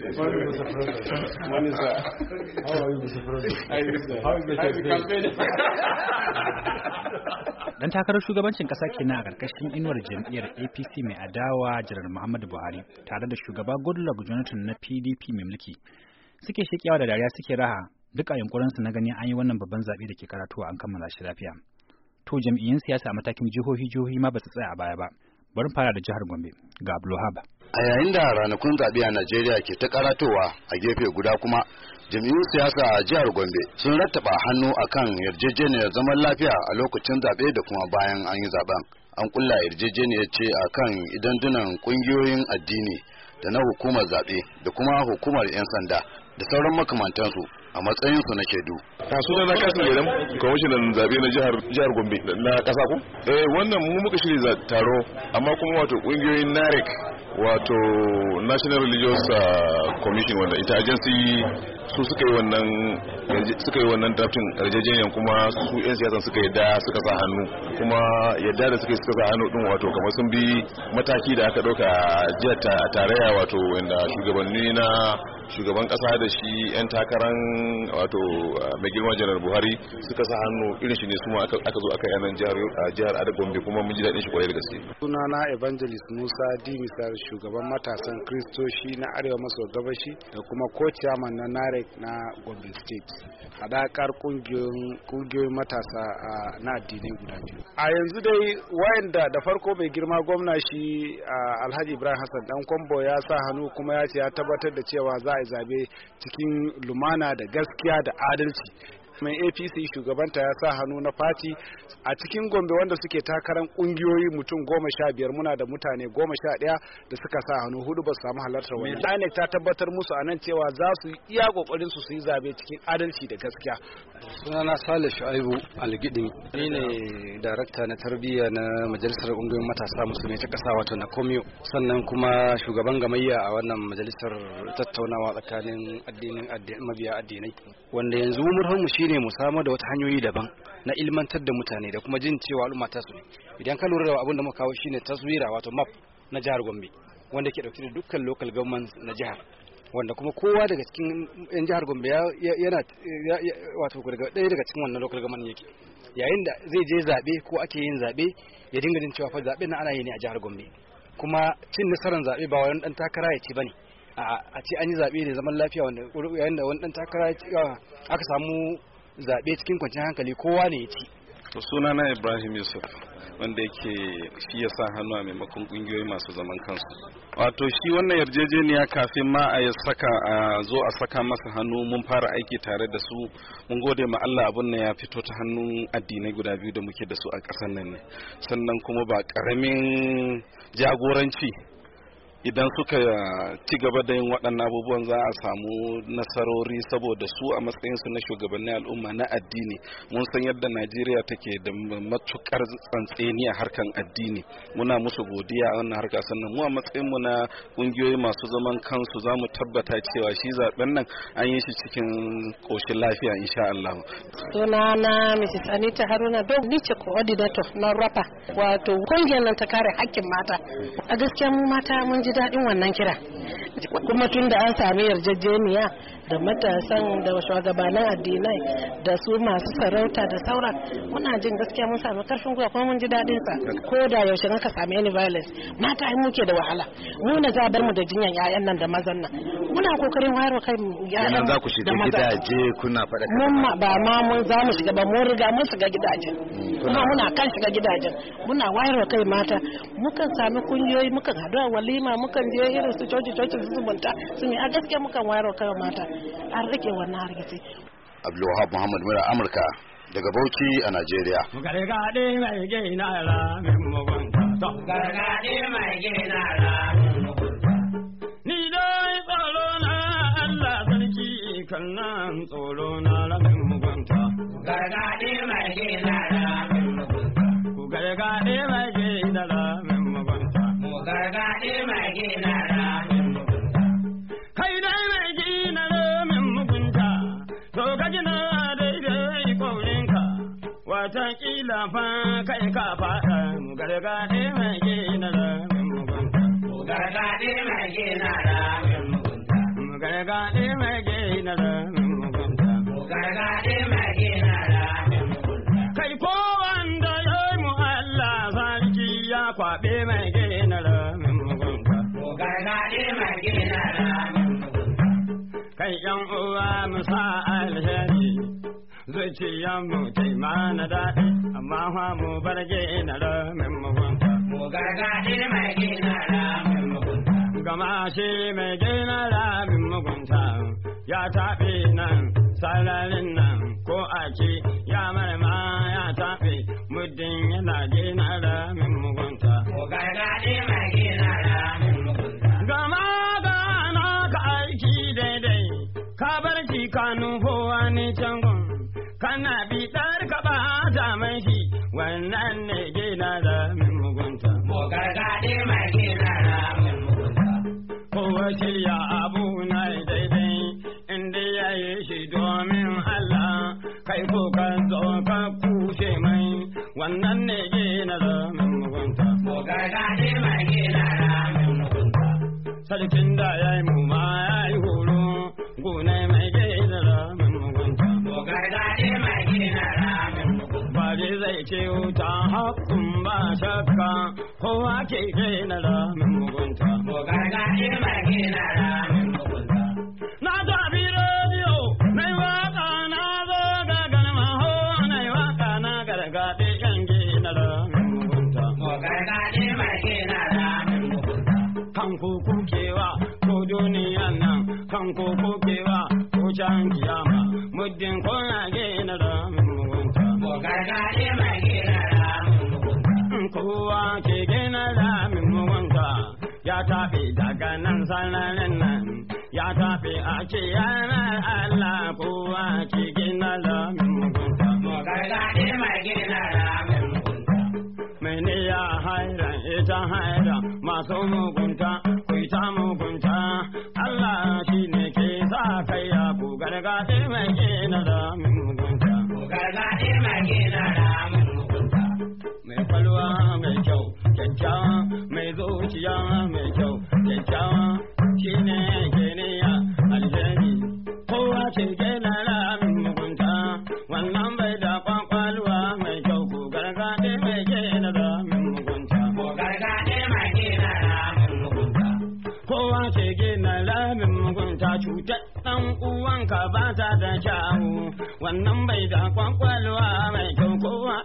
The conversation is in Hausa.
Mr. When is Dan takarar shugabancin kasa kenan a ƙarƙashin inuwar jam'iyyar APC mai adawa Janar Muhammadu Buhari tare da shugaba Goodluck Jonathan na PDP mai mulki. Suke shekiyawa da dariya suke raha duk a yunkurinsu na gani an yi wannan babban zaɓe da ke karatuwa an kammala shi lafiya. To jam'iyyun siyasa a matakin jihohi-jihohi ma ba su tsaya a baya ba. bari fara da jihar Gombe ga Abdulwahab. A yayin da ranakun zaɓe a Najeriya ke ta karatowa a gefe guda kuma jam'iyyun siyasa a jihar Gombe sun rattaba hannu akan yarjejeniyar zaman lafiya a lokacin zaɓe da kuma bayan an yi zaɓen. An kulla yarjejeniyar ce akan idan dunan ƙungiyoyin addini da na hukumar zaɓe da kuma hukumar 'yan sanda da sauran makamantansu a matsayinsu na shaidu. a suna na kasar gidan kwamishinan zaɓe na jihar gombe na ƙasa ku eh wannan mu muka shirya taro amma kuma wato ƙungiyoyin narec wato national religious ah, commission wanda ita agency su suka yi wannan suka yi wannan drafting yarjejeniyar kuma su 'yan siyasan suka yadda suka sa hannu kuma yadda da suka suka sa hannu din wato kamar sun bi mataki da aka ɗauka jihar tarayya wato wanda shugabanni na shugaban kasa da shi 'yan takaran wato ah, mai girma janar buhari suka sa hannu irin shi ne su aka zo aka yanan jihar ada gombe kuma mun ji daɗin shi kwarai da gaske sunana evangelist musa dimisar shugaban matasan kristoshi na arewa maso gabashi da kuma ko chairman na narek na gombe state haɗakar ƙungiyoyin matasa na addinai guda biyu a yanzu dai wayanda da farko mai girma gwamna shi alhaji ibrahim hassan dan kwambo ya sa hannu kuma ya ce ya tabbatar da cewa za a zabe cikin lumana da gaskiya da adalci mai apc shugabanta ya sa hannu na fati a cikin gombe wanda suke takarar kungiyoyi mutum goma sha biyar muna da mutane goma sha ɗaya da suka sa hannu hudu ba su samu halartar wani inec ta tabbatar musu a nan cewa za su iya kokarin su su yi zabe cikin adalci da gaskiya sunana sale shu'aibu algidin ni ne darakta na tarbiyya na majalisar kungiyoyin matasa musulmi ta kasa wato na komiyo sannan kuma shugaban gamayya a wannan majalisar tattaunawa tsakanin addinin mabiya addinai wanda yanzu murhun mu shine mu samar da wata hanyoyi daban na ilmantar da mutane da kuma jin cewa al'umma ta su ne idan ka lura da abin da muka kawo shine taswira wato map na jihar Gombe wanda ke dauke da dukkan local government na jihar wanda kuma kowa daga cikin yan jihar Gombe yana wato daga ɗaya daga cikin wannan local government yake yayin da zai je zabe ko ake yin zabe ya dinga jin cewa fa zabe na ana yi ne a jihar Gombe kuma cin nasarar zabe ba wani dan takara ya ci bane a ce an yi zabe ne zaman lafiya wanda yayin da wani dan takara aka samu zaɓe cikin kwanciyar hankali kowa ne ya ci to suna na ibrahim yusuf wanda yake shi ya sa hannu a maimakon ƙungiyoyi masu zaman kansu wato shi wannan yarjejeniya kafin ma a ya saka a zo a saka masa hannu mun fara aiki tare da su mun gode ma Allah abun nan ya fito ta hannun addinai guda biyu da muke da su a ƙasar nan ne sannan kuma ba ƙaramin jagoranci idan suka uh, ci gaba da yin waɗannan abubuwan za a samu nasarori saboda su a matsayinsu na shugabannin al'umma na addini mun san yadda najeriya take da matukar tsantseni a harkan addini muna musu godiya a wannan harka sannan mu a matsayinmu na ƙungiyoyi masu zaman kansu za mu tabbata cewa shi zaben nan an yi shi cikin ƙoshin lafiya insha Allah. sunana mrs anita haruna don ni ce coordinator na rapa wato ƙungiyar nan ta kare hakkin mata a gaskiya mu mata mun ji daɗin wannan kira kuma tun da an sami yarjejeniya da matasan da shugabannin addinai da su masu sarauta da sauran muna jin gaskiya mun sami karfin gwiwa kuma mun ji daɗin sa ko da yaushe ka sami any violence mata ai muke da wahala mu na za bar mu da jinyan ƴaƴan nan da mazan nan muna kokarin wayar kai ƴaƴan za ku shiga gidaje kuna faɗa mun ma ba ma mun za mu shiga ba mun riga mun shiga gidajen mm, kuma muna kan shiga gidajen muna wayar kai mata mukan sami kungiyoyi mukan haɗu a walima mukan je irin su coci coci su zumunta su ne a gaskiya mukan wayar kai mata an rike wannan hargitsi abdulwahab muhammad mura amurka daga bauchi a najeriya ni dai tsaro na allah sarki kan nan tsoro na mugunta gargaɗe mai gina mai mugunta mai gina mai gina gina daidai kwaurinka, watakila fa kai ka faɗa mu gargaɗe mai gina ramin Mu gargaɗe mai gina ramin Mu gargaɗe mai gina ramin Mu gargaɗe mai gina ramin mugunta. ko wanda ya yi mu Allah sarki ya kwaɓe mai gina ramin mugunta. mugunta. Kai ƴan uwa mu sa alheri. zuciyanmu ta mana daɗi amma fa mu bar gina ramin mugunta. Mu gargaɗi mai gina ramin mugunta. Gama shi mai gina ramin mugunta ya taɓe nan sararin nan ko ce ya ma ya taɓe muddin yana gina ramin mugunta. Mu gargaɗi mai gina ramin mugunta. Gama gana ka aiki daidai ka bar ki kanu kowa ne can kana dar ka ba zaman shi wannan ne na da min mugunta. Mo gargade mai na da min mugunta. Ko wace ya abu na daidai inda ya yi shi domin Allah kai ko ka zo ka kushe mai wannan ne na da min mugunta. Mo gargade mai na da min mugunta. Sarkin da ya yi ce wuta haƙun ba shakka kowa ke kai na ramin mugunta. Mogarga ilmar gina ramin mugunta. Na zo rediyo na yi waka na zo ga gagan maho na yi waka na gargaɗe yan gina ramin mugunta. Mogarga ilmar gina ramin mugunta. Kan kuku kewa ko duniyan nan kan kuku kewa ko can kiyama muddin ko ke. tafi daga nan sanarin nan ya tafi a ce yana Allah kowa cikin na lamin mugunta. Mogarga ne mai gina na lamin mugunta. Mene ya haira ita haira masu mugunta. sannan bai da kwakwalwa mai kyau ku gargaɗe mai gina da min mugunta. Ku gargaɗe mai gina da min mugunta. Kowa ke gina da min mugunta cutar ɗan uwanka ba ta da kyawu wannan bai da kwakwalwa mai kyau kowa.